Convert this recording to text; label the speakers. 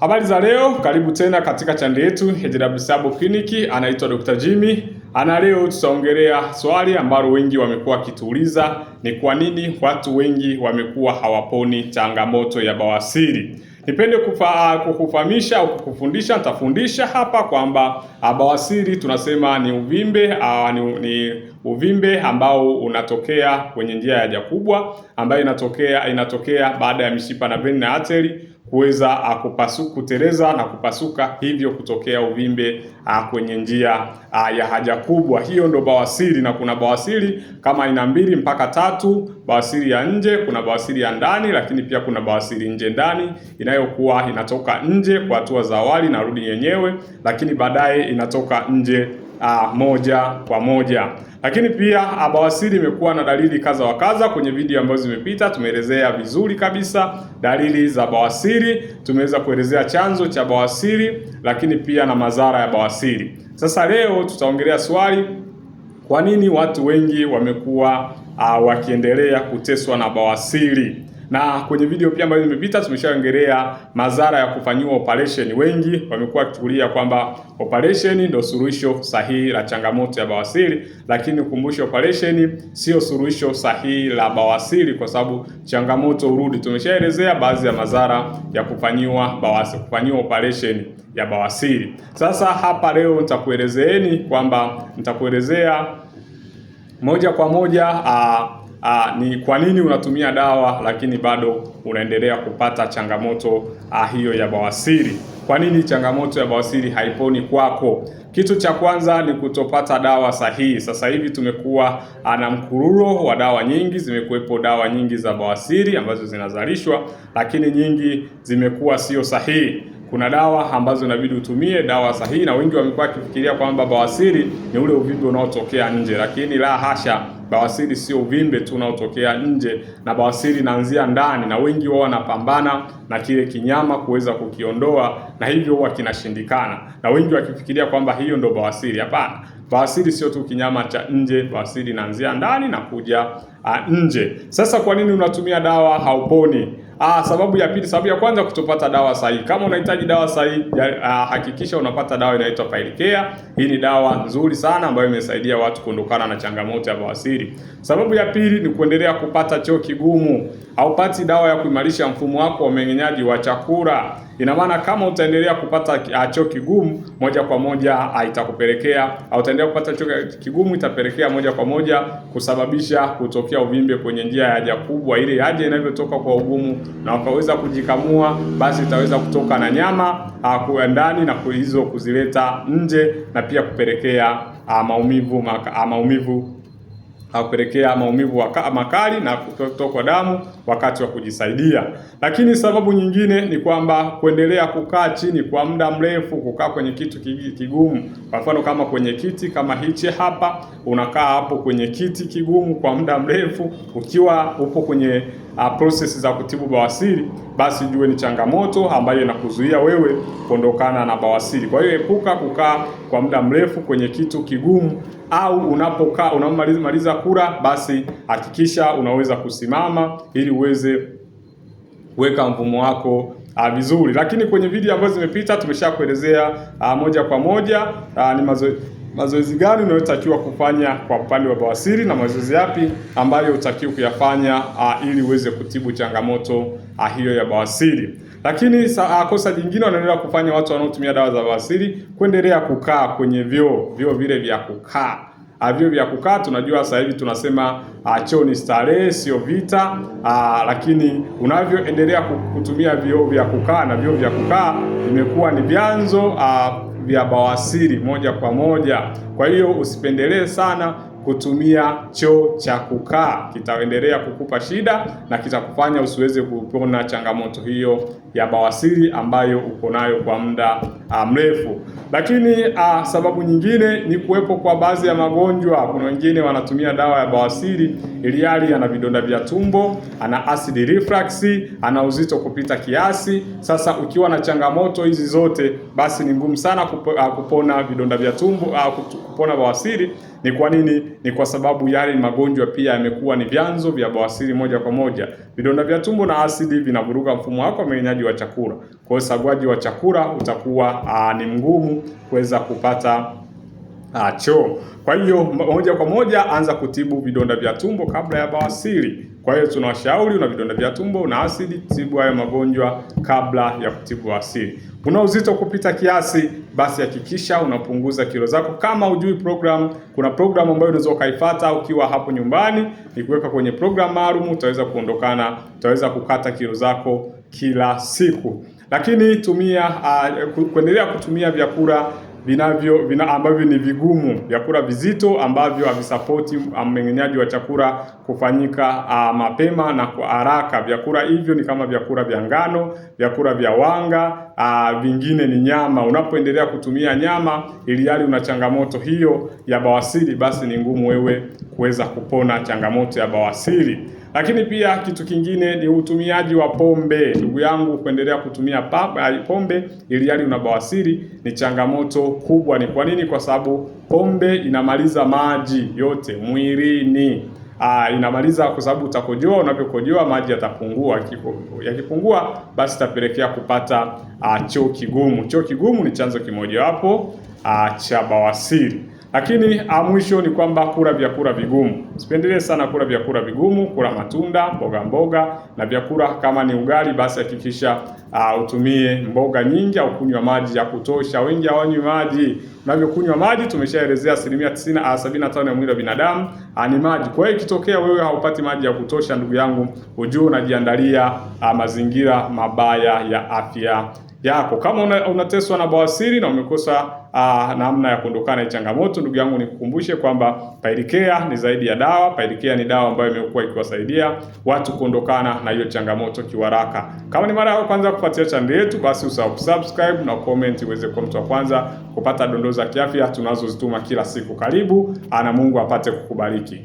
Speaker 1: Habari za leo, karibu tena katika chaneli yetu HW Sabo Clinic. Anaitwa Dr. Jimmy, ana leo tutaongelea swali ambalo wengi wamekuwa wakituuliza, ni kwa nini watu wengi wamekuwa hawaponi changamoto ya bawasiri. Nipende kukufahamisha au kukufundisha, nitafundisha hapa kwamba ah, bawasiri tunasema ni uvimbe a, ah, ni, ni uvimbe ambao unatokea kwenye njia ya haja kubwa ambayo inatokea inatokea baada ya mishipa na veni na ateri kuweza uh, kupasu, kuteleza na kupasuka, hivyo kutokea uvimbe ah, kwenye njia ah, ya haja kubwa. Hiyo ndo bawasiri, na kuna bawasiri kama aina mbili mpaka tatu. Bawasiri ya nje, kuna bawasiri ya ndani, lakini pia kuna bawasiri nje ndani inayokuwa inatoka nje kwa hatua za awali, na rudi yenyewe, lakini baadaye inatoka nje uh, moja kwa moja. Lakini pia abawasiri imekuwa na dalili kadha wa kadha. Kwenye video ambazo zimepita tumeelezea vizuri kabisa dalili za bawasiri, tumeweza kuelezea chanzo cha bawasiri, lakini pia na madhara ya bawasiri. Sasa leo tutaongelea swali, kwa nini watu wengi wamekuwa uh, wakiendelea kuteswa na bawasiri? Na kwenye video pia ambayo imepita tumeshaongelea madhara ya kufanyiwa operation. Wengi wamekuwa wakichukulia kwamba operation ndio suluhisho sahihi la changamoto ya bawasiri, lakini ukumbushe, operation sio suluhisho sahihi la bawasiri kwa sababu changamoto urudi Tumeshaelezea baadhi ya madhara ya kufanyiwa bawasiri, kufanyiwa operation ya bawasiri. Sasa hapa leo nitakuelezeeni kwamba nitakuelezea moja kwa moja a, ah, aa, ah, ni kwa nini unatumia dawa lakini bado unaendelea kupata changamoto aa, ah, hiyo ya bawasiri. Kwa nini changamoto ya bawasiri haiponi kwako? Kitu cha kwanza ni kutopata dawa sahihi. Sasa hivi tumekuwa ah, na mkururo wa dawa nyingi, zimekuwepo dawa nyingi za bawasiri ambazo zinazalishwa, lakini nyingi zimekuwa sio sahihi. Kuna dawa ambazo inabidi utumie dawa sahihi, na wengi wamekuwa wakifikiria kwamba bawasiri ni ule uvimbe unaotokea nje, lakini la hasha. Bawasiri sio uvimbe tu unaotokea nje, na bawasiri inaanzia ndani, na wengi wao wanapambana na kile kinyama kuweza kukiondoa, na hivyo huwa kinashindikana, na wengi wakifikiria kwamba hiyo ndo bawasiri. Hapana, bawasiri sio tu kinyama cha nje, bawasiri inaanzia ndani na kuja a, ah, nje. Sasa kwa nini unatumia dawa hauponi? Ah, sababu ya pili, sababu ya kwanza kutopata dawa sahihi. Kama unahitaji dawa sahihi, ah, hakikisha unapata dawa inaitwa Pilecare. Hii ni dawa nzuri sana ambayo imesaidia watu kuondokana na changamoto ya bawasiri. Sababu ya pili ni kuendelea kupata choo kigumu. Haupati dawa ya kuimarisha mfumo wako wa mmeng'enyaji wa chakula. Ina maana kama utaendelea kupata ah, choo kigumu moja kwa moja itakupelekea, au utaendelea kupata choo kigumu itapelekea moja kwa moja kusababisha kuto kupokea uvimbe kwenye njia ya haja kubwa, ile haja inavyotoka kwa ugumu na wakaweza kujikamua, basi itaweza kutoka na nyama ah, kwa ndani na hizo kuzileta nje na pia kupelekea ah, maumivu ah, maumivu kupelekea maumivu makali na kutokwa damu wakati wa kujisaidia. Lakini sababu nyingine ni kwamba kuendelea kukaa chini kwa muda mrefu, kukaa kwenye kitu kigumu, kwa mfano kama kwenye kiti kama hichi hapa, unakaa hapo kwenye kiti kigumu kwa muda mrefu, ukiwa upo kwenye uh, process za kutibu bawasiri, basi jue ni changamoto ambayo inakuzuia wewe kuondokana na bawasiri. Kwa hiyo epuka kukaa kwa muda mrefu kwenye kitu kigumu, au unapokaa unamaliza kura, basi hakikisha unaweza kusimama ili uweze kuweka mfumo wako A, ah, vizuri lakini kwenye video ambazo zimepita tumeshakuelezea ah, moja kwa moja a, ah, ni mazoe, mazoezi gani unayotakiwa kufanya kwa upande wa bawasiri na mazoezi yapi ambayo utakiwa kuyafanya a, ili uweze kutibu changamoto a, hiyo ya bawasiri. Lakini sa, a, kosa jingine wanaendelea kufanya watu wanaotumia dawa za bawasiri kuendelea kukaa kwenye vyoo vyoo vile vya kukaa Ah, vyo vya kukaa. Tunajua sasa hivi tunasema ah, choo ni starehe, sio vita. A, ah, lakini unavyoendelea kutumia vyoo vya kukaa na vyoo vya kukaa vimekuwa ni vyanzo vya bawasiri moja kwa moja. Kwa hiyo usipendelee sana kutumia choo cha kukaa kitaendelea kukupa shida na kitakufanya usiweze kupona changamoto hiyo ya bawasiri ambayo uko nayo kwa muda mrefu. Lakini a, sababu nyingine ni kuwepo kwa baadhi ya magonjwa. Kuna wengine wanatumia dawa ya bawasiri iliali ana vidonda vya tumbo, ana acid reflux, ana uzito kupita kiasi. Sasa ukiwa na changamoto hizi zote, basi ni ngumu sana kupona vidonda vya tumbo, kupona bawasiri ni kwa nini? Ni kwa sababu yale magonjwa pia yamekuwa ni vyanzo vya bawasiri moja kwa moja. Vidonda vya tumbo na asidi vinavuruga mfumo wako wa mmeng'enyaji wa chakula, kwa hiyo sagwaji wa chakula utakuwa aa, ni mgumu kuweza kupata choo. Kwa hiyo moja kwa moja anza kutibu vidonda vya tumbo kabla ya bawasiri. Kwa hiyo tunawashauri una vidonda vya tumbo, una asidi, tibu hayo magonjwa kabla ya kutibu asidi. Una uzito kupita kiasi, basi hakikisha unapunguza kilo zako. Kama hujui program, kuna program ambayo unaweza ukaifuata ukiwa hapo nyumbani, ni kuweka kwenye program maalum, utaweza kuondokana, utaweza kukata kilo zako kila siku, lakini tumia uh, kuendelea kutumia vyakula vinavyo vina, ambavyo ni vigumu, vyakula vizito ambavyo havisapoti mmeng'enyaji wa chakula kufanyika a, ah, mapema na kwa haraka. Vyakula hivyo ni kama vyakula vya ngano, vyakula vya wanga a, ah, vingine ni nyama. Unapoendelea kutumia nyama ili hali una changamoto hiyo ya bawasiri, basi ni ngumu wewe kuweza kupona changamoto ya bawasiri. Lakini pia kitu kingine ni utumiaji wa pombe. Ndugu yangu, kuendelea kutumia pombe ili hali una bawasiri ni changamoto kubwa. Ni kwa nini? Kwa sababu pombe inamaliza maji yote mwilini. Aa, ah, inamaliza kwa sababu utakojoa, unapokojoa maji yatapungua. Yakipungua basi itapelekea kupata ah, choo kigumu. Choo kigumu ni chanzo kimojawapo ah, cha bawasiri. Lakini mwisho ni kwamba kula vyakula vigumu. Sipendelee sana kula vyakula vigumu, kula matunda, mboga mboga na vyakula kama ni ugali basi hakikisha uh, utumie mboga nyingi au kunywa maji ya kutosha. Wengi hawanywi maji. Unavyokunywa maji tumeshaelezea asilimia 90 na ya mwili wa binadamu ni maji. Kwa hiyo ikitokea wewe haupati maji ya kutosha, ndugu yangu, ujue unajiandalia uh, mazingira mabaya ya afya yako. Kama unateswa una na bawasiri na umekosa uh, namna ya kuondokana na changamoto, ndugu yangu, nikukumbushe kwamba Pailikea ni zaidi ya dawa. Pailikea ni dawa ambayo imekuwa ikiwasaidia watu kuondokana na hiyo changamoto kiwaraka. Kama ni mara ya kwanza kufuatilia chaneli yetu, basi usahau kusubscribe na comment iweze kuwa mtu wa kwanza kupata dondoo za kiafya tunazozituma kila siku. Karibu ana ah, Mungu apate kukubariki.